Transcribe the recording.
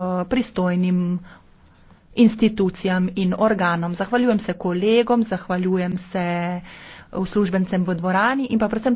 Eh, pristojnim institucijam in organom. Zahvaljujem se kolegom, zahvaljujem se uslužbencem v dvorani in pa predvsem.